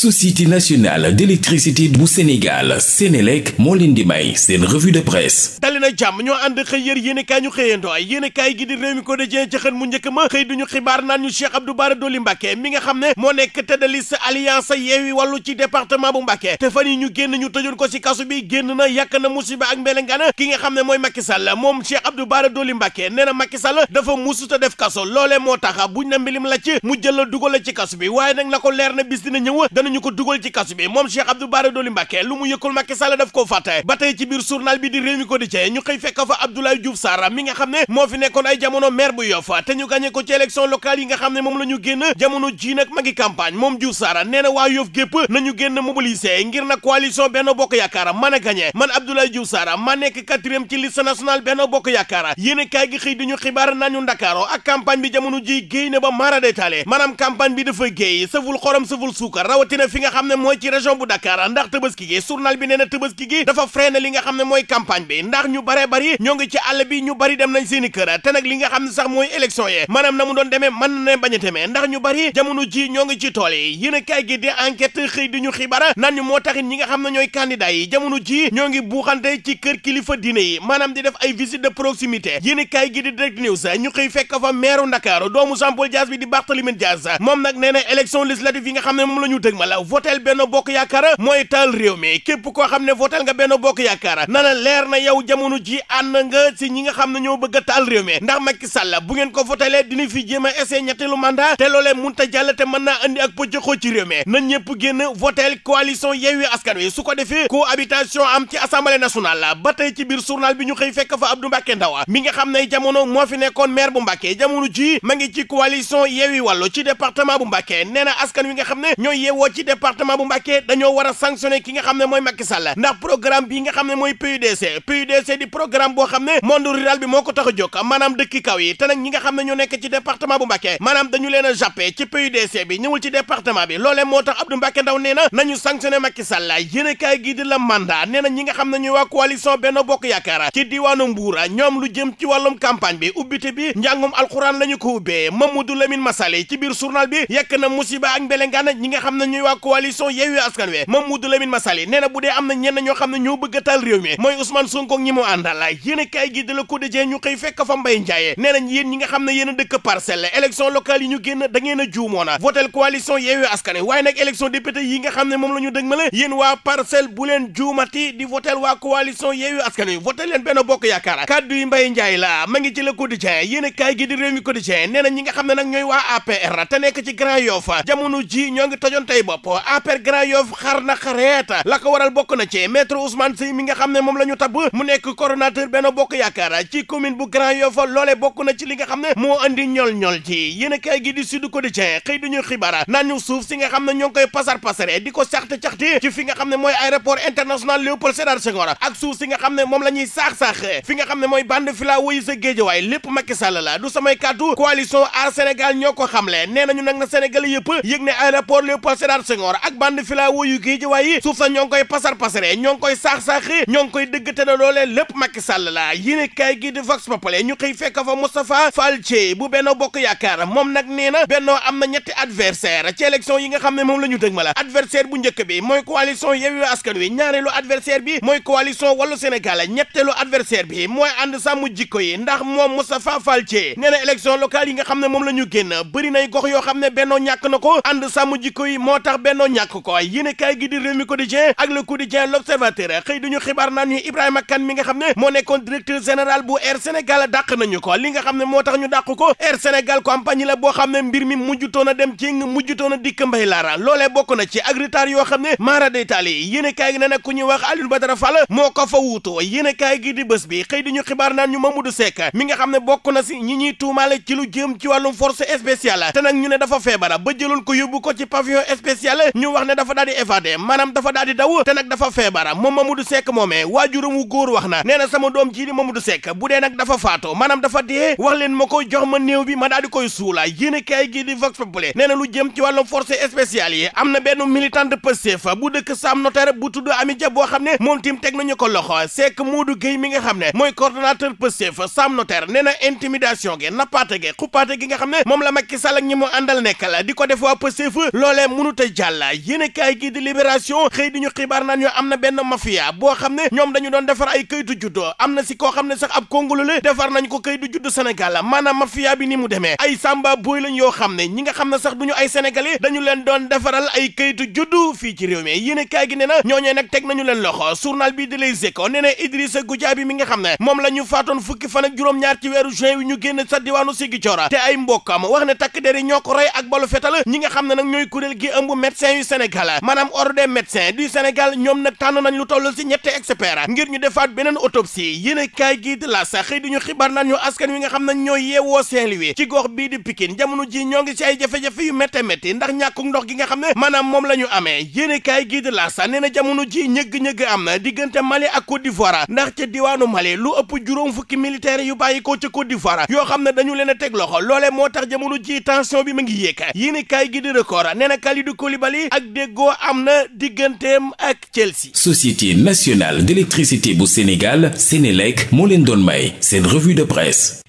société nationale d'électricité bu Sénégal Sénélec moo leen di may seen revue de presse dali na jàmm ñoo ànd xëy yër yéenekaay ñu xëyandoo yéenekaay gi di réew mi ko de jeen ci xën mu njëkk ma xëy duñu xibaar naan ñu Cheikh Abdou Bara Dolly Mbacké mi nga xam ne moo nekk tête de liste alliance Yewwi Wallu ci département bu Mbacké te fan yi ñu génn ñu tëjoon ko ci kasu bi génn na yàq na musiba ak mbelengaana ki nga xam ne mooy Macky Sall moom Cheikh Abdou Bara Dolly Mbacké nee na Macky Sall dafa musuta moo tax la ci mu jël la dugal la waaye nag na ko leer na ñu ko dugal ci kasu bi moom Cheikh Abdou Bara Dolly Mbacké lu mu yëkkul Macky Sall daf koo fàtte ba tey ci biir journal bi di Rewmi Quotidien ñu xëy fekk fa Abdoulaye Diouf Sarr mi nga xam ne moo fi nekkoon ay jamono maire bu Yoff te ñu gàñe ko ci élection locale yi nga xam ne moom la ñu génn jamono ji nag ma ngi moom Diouf Sarr nee na waa Yoff gépp nañu génn mobiliser ngir na coalition Benno Bokk Yaakaar man a gàñe man Abdoulaye Diouf Sarr ma nekk quatrième ci liste nationale Yaakaar yéen kaay gi xëy di ñu xibaar nañu ji géy na ba mara détaillé maanaam campagne bi dafa géey sëful xorom sëful suukar rawatina fi nga xam ne mooy ci région bu Dakar ndax tëbaski gi journal bi nee na tëbaski gi dafa freiné li nga xam ne mooy campagne bi ndax ñu bare bari ñoo ngi ci àll bi ñu bari dem nañ seeni kër te nag li nga xam ne sax mooy élection yi maanaam na mu doon demee mën na bañ a demee ndax ñu bari jamono ji ñoo ngi ci tool yi yéen a kaay gi di enquête xëy di ñu xibaar nan ñu moo taxit ñi nga xam ne ñooy candidat yi jamono ji ñoo ngi buuxante ci kër kilifa diine yi maanaam di def ay visite de proximité yéen kaay gi di direct news ñu xëy fekk fa maire Ndakaaru doomu Jean Paul Dias na élection législative yi nga xam ne moom la ñu dëgmal daal votel benn bokk yaakaar mooy taal réew mi képp koo xam ne votel nga benn bokk yaakaar na leer na yow jamono ji ànd nga si ñi nga xam ne ñoo bëgg a taal réew mi ndax Macky salla bu ngeen ko votelee dina fi jéem a essayer ñetteelu mandat te loolee munta jàll te mën naa andi ak pëccëxoo ci réew mi na ñëpp génn votel coalition Yewwi Askan Wi su ko defee ko cohabitation am ci assemblée nationale ba tey ci biir journal bi ñu xëy fekk fa Abdou Mbacké Ndaw mi nga xam ne jamono moo fi nekkoon maire bu Mbacké jamono ji ma ngi ci coalition Yewwi Wallu ci département bu Mbacké nee na askan wi nga xam ne ci bu Mbacké dañoo war a sanctionné ki xam ne mooy Macky Sall ndax programme bi nga xam ne mooy PUDC PUDC di programme boo xam ne monde rural bi moo ko tax a jóg dëkki kaw yi te nag ñi nga xam ne ñoo nekk ci département bu Mbacké maanaam dañu leen a jàppe ci PUDC bi ñëwul ci département bi loolee moo tax Abdou Mbacké Ndaw nee na ñi nga xam ne ñuy waa coalition Benno Bokk Yaakaar ci diwaanu Mbour ñoom lu jëm ci wàllum ñuy waa coalition Yewwi Askan Wi Mamadou Lamine Massaly nee na bu dee am na ñenn ñoo xam ne ñoo bëgg a taal réew mooy Ousmane Sonko ñi mu àndal yéen a kaay gi de ñu xëy fekk fa Mbaye Ndiaye nee nañ ñi nga xam ne yéen a dëkk parcelle élection locale yi ñu génn da ngeen juumoona votel coalition Yewwi Askan Wi waaye nag élection député yi nga xam ne moom la ñu dëg ma waa parcelle bu leen juumati di votel waa coalition Yewwi Askan a kaay gi di réew mi Quotidien nee nga xam ne nag ñooy waa ñoo ngi tojoon tey bopp APR Grand Yoff xar na xareeta la ko waral bokk na ci maître Ousmane Sy mi nga xam ne moom la ñu mu nekk coordonnateur Benno Bokk Yaakaar ci commune bu Grand Yoff loole bokk na ci li nga xam ne moo andi ñol ñol ci yéen a kaay gi di Sud Quotidien xëy duñu xibaar naan ñu suuf si nga xam ne ñoo koy pasar pasare di ko caxte-caxte ci fi nga xam ne mooy aéroport international Léopold Sédar Senghor ak suuf si nga xam ne moom la saax-saax fi nga xam Léopold Senghor ak bande filao yu Guédiawaye yi suuf sa ñoo ngi koy pasar pasare ñoo ngi koy saax-saaxi ñoo ngi koy dëgg te na loolee lépp Macky Sall la yéen kaay gi di Vox Populi ñu xëy fekk fa Moustapha Fall Thié bu Benno Bokk Yaakaar moom nag nee na Benno am na ñetti adversaire ci élection yi nga xam ne moom la ñu dëg ma la adversaire bu njëkk bi mooy coalition Yewwi Askan Wi ñaareelu adversaire bi mooy coalition Wallu Sénégal ñetteelu adversaire bi mooy ànd sàmm jikko yi ndax moom Moustapha Fall Thié nee na élection yi nga xam ne moom la ñu génn bëri nay gox yoo xam ne Benno ñàkk na ko ànd tax bennoo ñàkk ko yéene kaay gi di Rewmi Quotidien ak Le Quotidien L'Observateur xëy duñu xibaar naan ñu Ibrahima Kane mi nga xam ne moo nekkoon directeur général bu Air Sénégal dàq nañu ko li nga xam ne moo tax ñu dàq ko Air Sénégal compagnie la boo xam ne mbir mi mujjutoon a dem ci mujjutoon a dikk mbay laara loole bokk na ci ak retard yoo xam ne maara deytaali yéene kaay gi ne nag ku ñuy wax Aliou Badara Fall moo ko fa wuutoo yéene kaay gi di bés bi xëy di ñu xibaar naan ñu Mamadou Seck mi nga xam ne bokk na si ñi ñuy tuumaale ci lu jëm ci wàllum force spéciale te nag ñu ne dafa feebara ba jëloon ko yóbbu ko ci spécial ñu wax ne dafa daal di évadé dafa daal di daw te nag dafa feebara moom Mamadou Seck moomee waajuram wu góor wax na nee na sama doom jii di Mamadou Seck bu dee nag dafa faatoo maanaam dafa dee wax leen ma ko jox ma néew bi ma daal di koy suula yéen kaay gii di Vox Populi nee na lu jëm ci wàllum force spéciale yi am na benn militant de Pastef bu dëkk Sam Notaire bu tudd Ami Dia boo xam ne moom tim teg nañu ko loxo Seck Modou Guèye mi nga xam ne mooy coordonnateur Pastef Sam Notaire nee na intimidation gi nappaate gi xuppaate gi nga xam ne moom la Macky Sall ak ñi mu àndal nekk la di ko def waa Pastef loolee mënut jàlla yéenekaay gi di Libération xëy di ñu xibaar naan ñoo am na benn mafia boo xam ne ñoom dañu doon defar ay këyitu juddu am na si koo xam ne sax ab kongolo la defar nañ ko këyitu juddu Sénégal maanaam mafia bi ni mu demee ay samba boy lañ xam ne ñi nga xam ne sax duñu ay sénégalais dañu leen doon defaral ay këyitu juddu fii ci réew mi yéenekaay gi nee na ñooñee nag teg nañu leen loxo journal bi di Les Échos nee na Idrissa Goudiaby mi nga xam ne moom la ñu faatoon fukki fan ak juróom-ñaar ci weeru juin wi ñu génn sa diwaanu Ziguinchor te ay mbokkam wax ne takk der yi ñoo ko rey ak balu fetal ñi nga xam ne nag ñooy kuréel gi médecins yu Sénégal maanaam ordre des médecins du Sénégal ñoom nag tànn nañ lu toll si ñetti experts ngir ñu defaat beneen autopsie yéen kaay gi de la sax xëy di ñu xibaar naan ñu askan wi nga xam ne ñoo yeewoo Saint-Louis ci gox bii di Pikine jamono ji ñoo ngi ci ay jafe-jafe yu métte métti ndax ñàkkuk ndox gi nga xam ne maanaam moom la ñu amee yéen kaay gi de la sax na jamono ji ñëgg ñëg am na diggante Mali ak di d'Ivoire ndax ca diwaanu Mali lu ëpp juróom fukki militaires yu bàyyi ko ca Côte yoo xam ne dañu leen a teg loxo tax jamono ji tension bi mu ngi yéeg yéen kaay gi di record nee Koulibaly ak déggoo am na digganteem ak Chelsea. Société nationale d'électricité bu Sénégal Sénélec moo leen doon may seen revue de presse.